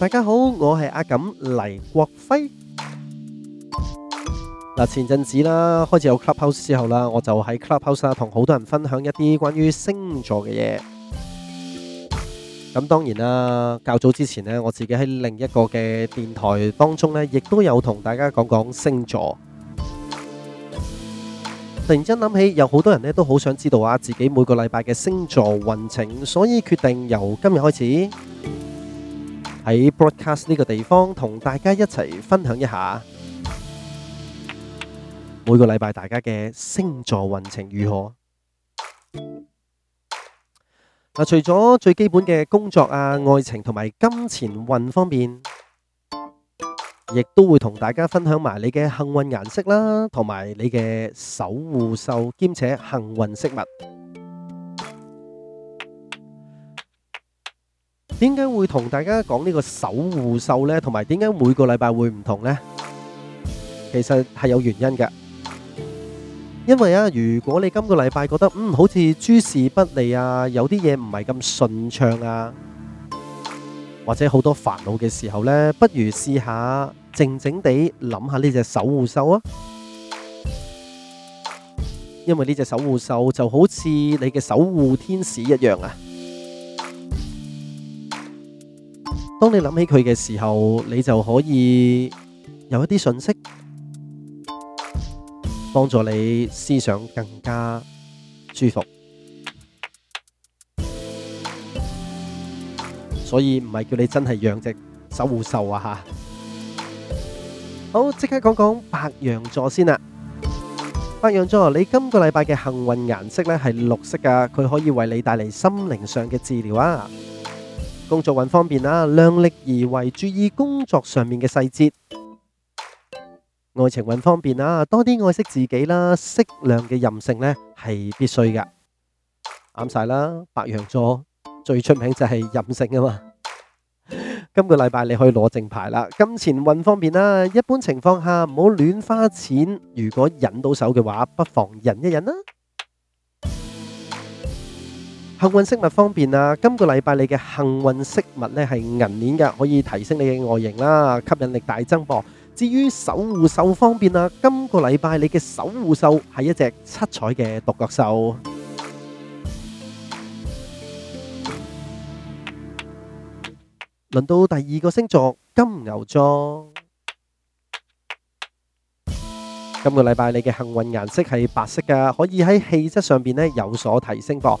大家好，我係阿感黎國輝。嗱，前陣子啦，開始有 Clubhouse 之後啦，我就喺 Clubhouse 同好多人分享一啲關於星座嘅嘢。咁當然啦，較早之前咧，我自己喺另一個嘅電台當中咧，亦都有同大家講講星座。突然間諗起，有好多人咧都好想知道啊自己每個禮拜嘅星座運程，所以決定由今日開始。喺 broadcast 呢個地方同大家一齊分享一下每個禮拜大家嘅星座運程如何。除咗最基本嘅工作啊、愛情同埋金錢運方面，亦都會同大家分享埋你嘅幸運顏色啦，同埋你嘅守護獸兼且幸運飾物。點解會同大家講呢個守護獸呢？同埋點解每個禮拜會唔同呢？其實係有原因嘅，因為啊，如果你今個禮拜覺得嗯好似諸事不利啊，有啲嘢唔係咁順暢啊，或者好多煩惱嘅時候呢，不如試下靜靜地諗下呢隻守護獸啊，因為呢隻守護獸就好似你嘅守護天使一樣啊。當你諗起佢嘅時候，你就可以有一啲信息，幫助你思想更加舒服。所以唔係叫你真係養隻守護獸啊！吓，好，即刻講講白羊座先啦。白羊座，你今個禮拜嘅幸運顏色咧係綠色噶，佢可以為你帶嚟心靈上嘅治療啊！工作運方面啦，量力而為，注意工作上面嘅細節。愛情運方面啦，多啲愛惜自己啦，適量嘅任性呢係必須㗎。啱晒啦，白羊座最出名就係任性啊嘛。今個禮拜你可以攞正牌啦，金錢運方面啦，一般情況下唔好亂花錢，如果忍到手嘅話，不妨忍一忍啦。幸運飾物方面啊，今個禮拜你嘅幸運飾物呢係銀鏈嘅，可以提升你嘅外形啦，吸引力大增噃。至於守護獸方面啊，今個禮拜你嘅守護獸係一隻七彩嘅獨角獸。輪到第二個星座金牛座，今個禮拜你嘅幸運顏色係白色噶，可以喺氣質上邊呢有所提升噃。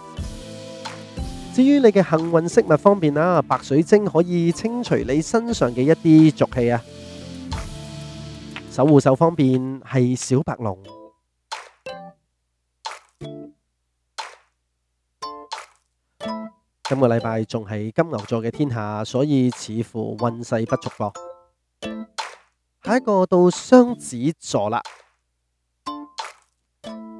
至於你嘅幸運飾物方面啦，白水晶可以清除你身上嘅一啲濁氣啊。守護獸方面係小白龍。今個禮拜仲係金牛座嘅天下，所以似乎運勢不俗噃。下一個到雙子座啦。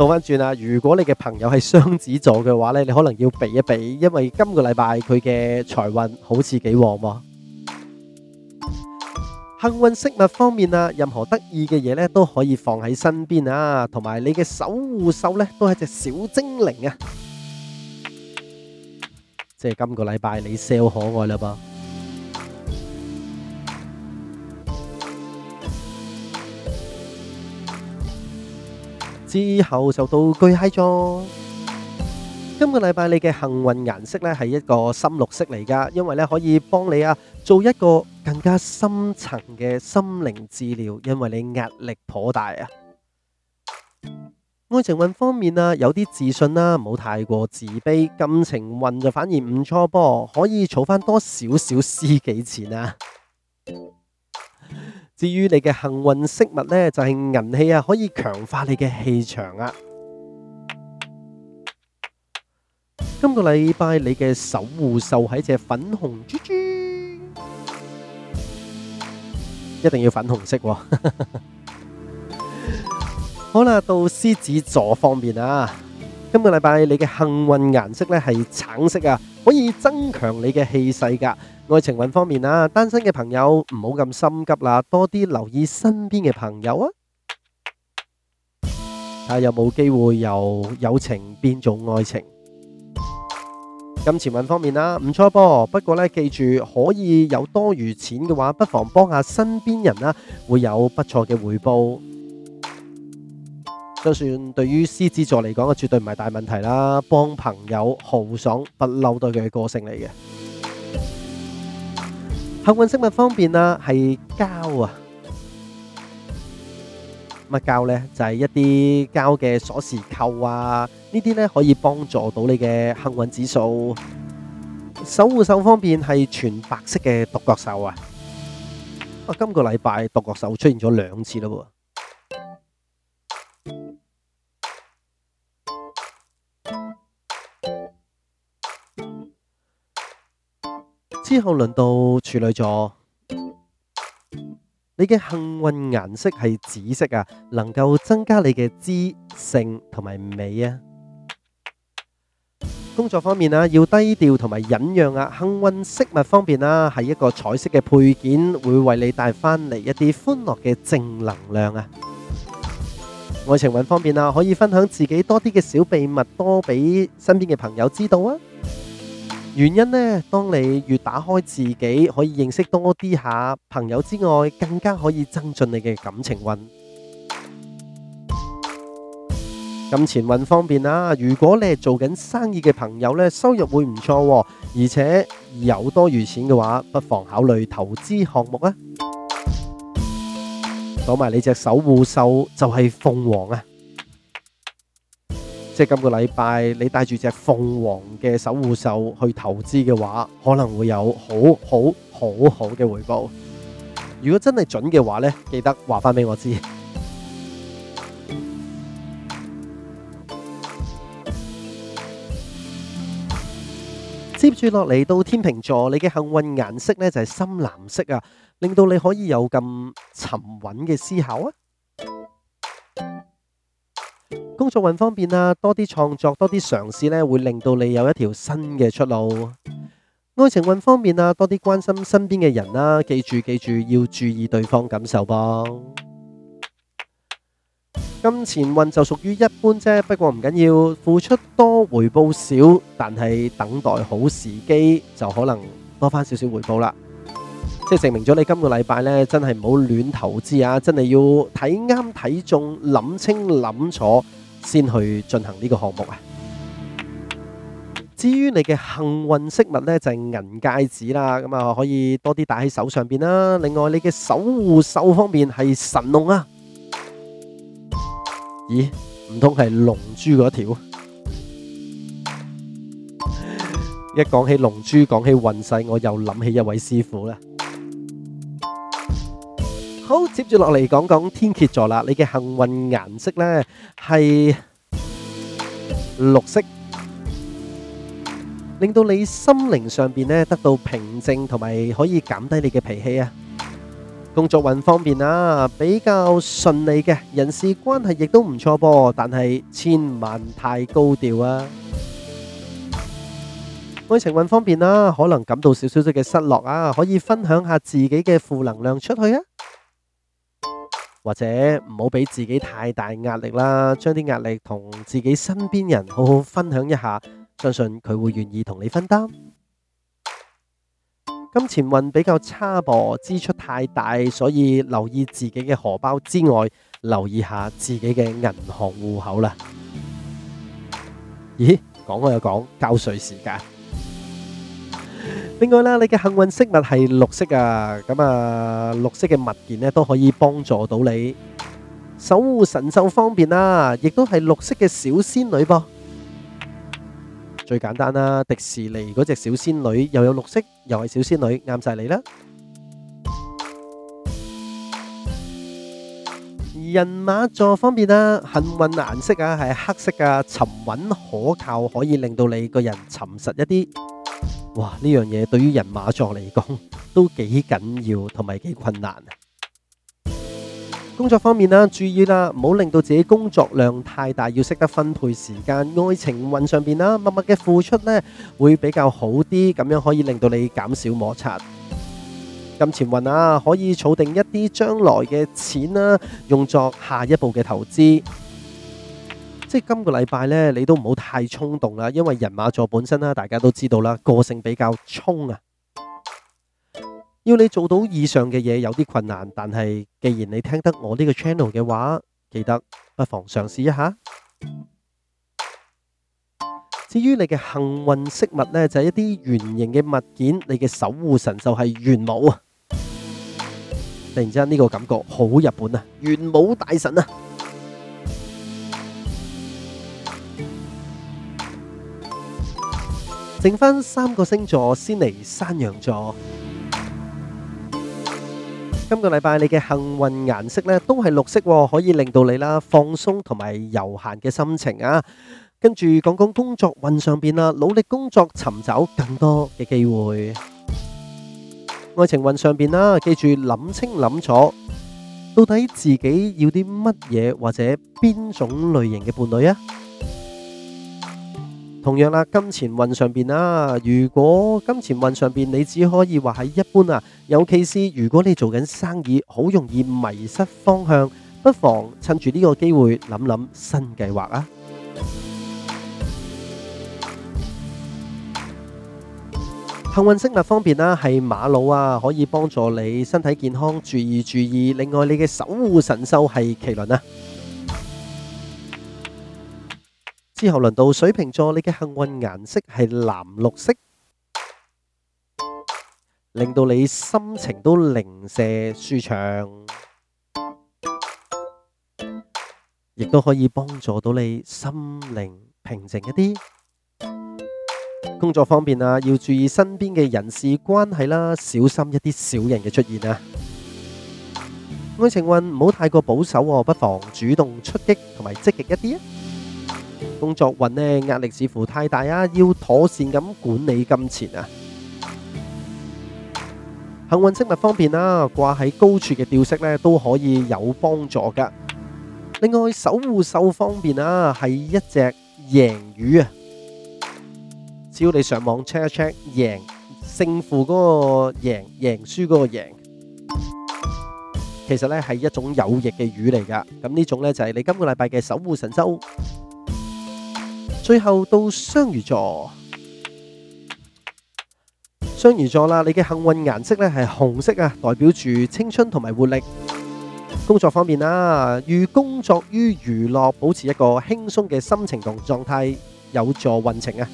倒翻轉啦，如果你嘅朋友係雙子座嘅話呢，你可能要避一避，因為今個禮拜佢嘅財運好似幾旺喎。幸運飾物方面啊，任何得意嘅嘢呢，都可以放喺身邊啊，同埋你嘅守護獸呢都係隻小精靈啊，即係今個禮拜你 sell 可愛啦噃。之後就到巨蟹座。今個禮拜你嘅幸運顏色呢係一個深綠色嚟噶因為呢可以幫你啊做一個更加深層嘅心靈治療，因為你壓力頗大啊。愛情運方面啊，有啲自信啦，唔好太過自卑。感情運就反而唔錯噃，可以儲翻多少少私己錢啊。至於你嘅幸運飾物呢，就係銀器啊，可以強化你嘅氣場啊。今個禮拜你嘅守護獸係隻粉紅豬豬，一定要粉紅色喎。好啦，到獅子座方面啊，今個禮拜你嘅幸運顏色呢，係橙色啊。可以增強你嘅氣勢噶，愛情運方面啊，單身嘅朋友唔好咁心急啦，多啲留意身邊嘅朋友啊，睇下有冇機會由友情變做愛情。金錢運方面啦，唔錯噃。不過呢，記住可以有多餘錢嘅話，不妨幫下身邊人啦，會有不錯嘅回報。就算對於獅子座嚟講，啊，絕對唔係大問題啦。幫朋友豪爽不嬲對佢嘅個性嚟嘅。幸運飾物方面啦，係膠啊。乜膠呢？就係、是、一啲膠嘅鎖匙扣啊。呢啲呢，可以幫助到你嘅幸運指數。守護獸方面，係全白色嘅獨角獸啊。啊，今個禮拜獨角獸出現咗兩次咯噃。之後輪到處女座，你嘅幸運顏色係紫色啊，能夠增加你嘅知性同埋美啊。工作方面啊，要低調同埋忍讓啊。幸運飾物方面啊，係一個彩色嘅配件，會為你帶翻嚟一啲歡樂嘅正能量啊。愛情運方面啊，可以分享自己多啲嘅小秘密，多俾身邊嘅朋友知道啊。原因呢，當你越打開自己，可以認識多啲下朋友之外，更加可以增進你嘅感情運。金錢運方面啦，如果你係做緊生意嘅朋友呢，收入會唔錯，而且有多餘錢嘅話，不妨考慮投資項目啦。講埋你隻守護獸就係、是、鳳凰啊！即係今個禮拜，你帶住隻鳳凰嘅守護獸去投資嘅話，可能會有很很很好好好好嘅回報。如果真係準嘅話呢，記得話翻俾我知。接住落嚟到天秤座，你嘅幸運顏色呢就係深藍色啊，令到你可以有咁沉穩嘅思考啊。工作運方面啊，多啲創作，多啲嘗試呢，會令到你有一條新嘅出路。愛情運方面啊，多啲關心身邊嘅人啦，記住記住要注意對方感受噃。金錢運就屬於一般啫，不過唔緊要，付出多回報少，但係等待好時機就可能多返少少回報啦。即係證明咗你今個禮拜咧，真係唔好亂投資啊！真係要睇啱睇中，諗清諗楚先去進行呢個項目啊。至於你嘅幸運飾物咧，就係銀戒指啦，咁啊可以多啲戴喺手上邊啦。另外你嘅守護獸方面係神龍啊？咦，唔通係龍珠嗰條？一講起龍珠，講起運勢，我又諗起一位師傅啦。好，接住落嚟講講天蠍座啦。你嘅幸運顏色呢，係綠色，令到你心靈上邊呢得到平靜，同埋可以減低你嘅脾氣啊。工作運方面啊，比較順利嘅人事關係亦都唔錯噃，但係千萬太高調啊。愛情運方面啦，可能感到少少少嘅失落啊，可以分享下自己嘅負能量出去啊。或者唔好俾自己太大壓力啦，將啲壓力同自己身邊人好好分享一下，相信佢會願意同你分擔。金錢運比較差噃，支出太大，所以留意自己嘅荷包之外，留意下自己嘅銀行戶口啦。咦，講開又講，交稅時間。另外啦，你嘅幸運飾物係綠色啊，咁啊，綠色嘅物件呢都可以幫助到你，守護神獸方面啦，亦都係綠色嘅小仙女噃。最簡單啦，迪士尼嗰隻小仙女又有綠色，又係小仙女，啱晒你啦。人馬座方面啦，幸運顏色啊係黑色啊，沉穩可靠，可以令到你個人沉實一啲。哇！呢樣嘢對於人馬座嚟講都幾緊要，同埋幾困難啊。工作方面啦，注意啦，唔好令到自己工作量太大，要識得分配時間。愛情運上邊啦，默默嘅付出呢會比較好啲，咁樣可以令到你減少摩擦。金錢運啊，可以儲定一啲將來嘅錢啦，用作下一步嘅投資。即係今個禮拜呢，你都唔好太衝動啦，因為人馬座本身啦，大家都知道啦，個性比較衝啊，要你做到以上嘅嘢有啲困難，但係既然你聽得我呢個 channel 嘅話，記得不妨嘗試一下。至於你嘅幸運飾物呢，就係一啲圓形嘅物件，你嘅守護神就係元武啊！突然之間呢個感覺好日本啊，元武大神啊！剩翻三個星座先嚟，山羊座。今個禮拜你嘅幸運顏色咧都係綠色，可以令到你啦放鬆同埋悠閒嘅心情啊。跟住講講工作運上邊啦，努力工作，尋找更多嘅機會。愛情運上邊啦，記住諗清諗楚，到底自己要啲乜嘢或者邊種類型嘅伴侶啊。同樣啦，金錢運上邊啦，如果金錢運上邊你只可以話係一般啊，尤其是如果你做緊生意，好容易迷失方向，不妨趁住呢個機會諗諗新計劃啊。幸運飾物方面啦，係瑪瑙啊，可以幫助你身體健康，注意注意。另外，你嘅守護神獸係麒麟啊。之後輪到水瓶座，你嘅幸運顏色係藍綠色，令到你心情都零舍舒暢，亦都可以幫助到你心靈平靜一啲。工作方面啊，要注意身邊嘅人事關係啦，小心一啲小人嘅出現啊。愛情運唔好太過保守哦，不妨主動出擊同埋積極一啲啊！工作運咧壓力似乎太大啊，要妥善咁管理金錢啊。幸運飾物方面啦，掛喺高處嘅吊飾咧都可以有幫助噶。另外守護獸方面啊，係一隻贏魚啊，只要你上網 check 一 check 贏勝負嗰個贏，贏輸嗰個贏，其實咧係一種有益嘅魚嚟噶。咁呢種咧就係你今個禮拜嘅守護神獸。最後到雙魚座，雙魚座啦，你嘅幸運顏色咧係紅色啊，代表住青春同埋活力。工作方面啦，寓工作於娛樂，保持一個輕鬆嘅心情同狀態，有助運程啊。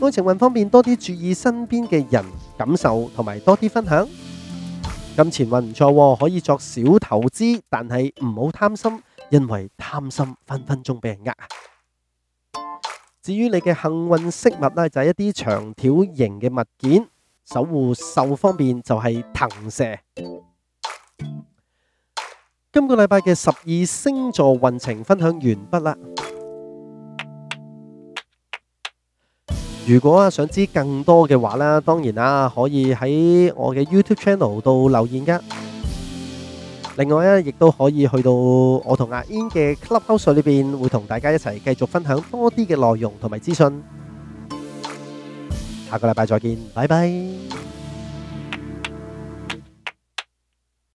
愛情運方面，多啲注意身邊嘅人感受同埋多啲分享。金錢運唔錯，可以作小投資，但係唔好貪心，因為貪心分分鐘俾人呃。至於你嘅幸運飾物呢就係一啲長條形嘅物件。守護獸方面就係藤蛇。今個禮拜嘅十二星座運程分享完畢啦。如果啊想知更多嘅話啦，當然啦，可以喺我嘅 YouTube channel 度留言㗎。另外咧，亦都可以去到我同阿 In 嘅 Club House 裏邊，會同大家一齊繼續分享多啲嘅內容同埋資訊。下個禮拜再見，拜拜。